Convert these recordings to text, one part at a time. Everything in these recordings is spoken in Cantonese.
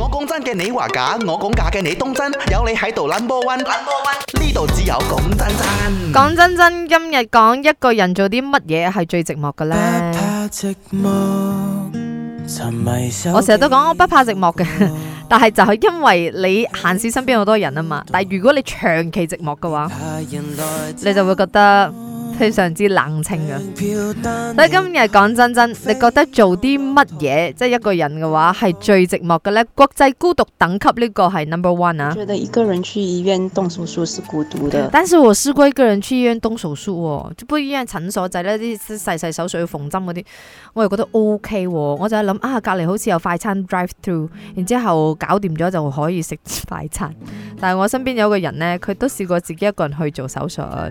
我講真嘅，你話假；我講假嘅，你當真。有你喺度，number one，number one。呢度只有講真真。講真真，今日講一個人做啲乜嘢係最寂寞嘅咧？怕寂寞成我成日都講我不怕寂寞嘅，但係就係因為你閒時身邊好多人啊嘛。但係如果你長期寂寞嘅話，你就會覺得。非常之冷清啊！所以今日講真真，你覺得做啲乜嘢，即係一個人嘅話係最寂寞嘅呢，國際孤獨等 c 呢、這個係 number one 啊？我覺得一個人去醫院動手術是孤獨的，但是我試過一個人去醫院動手術哦，就不一樣。診所仔呢啲細細手術縫針嗰啲，我又覺得 OK、哦。我就係諗啊，隔籬好似有快餐 drive through，然之後搞掂咗就可以食快餐。但係我身邊有個人呢，佢都試過自己一個人去做手術。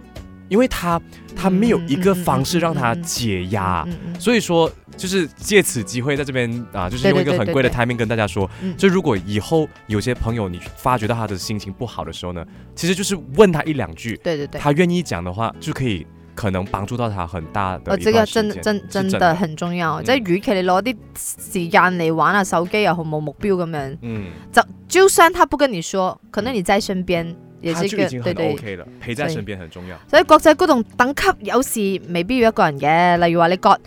因為他他沒有一個方式讓他解壓，所以說就是借此機會在這邊啊，就是用一個很貴的 timing 跟大家說，嗯、就如果以後有些朋友你發覺到他的心情不好的時候呢，其實就是問他一兩句，對對對，他願意講的話就可以可能幫助到他很大的、哦。這個真真的真，真的很重要，嗯、即係與其你攞啲時間嚟玩下、啊、手機又好冇目標咁樣，嗯，就就算他不跟你說，可能你在身邊。嗯亦都、OK、對，對對，陪在身邊很重要。所以，所以國際嗰種等級有時未必要一個人嘅，例如話你割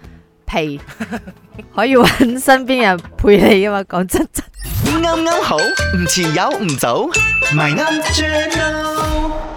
皮， 可以搵身邊人陪你啊嘛。講真真，啱啱、嗯嗯、好，唔遲有，唔早，咪啱最啱。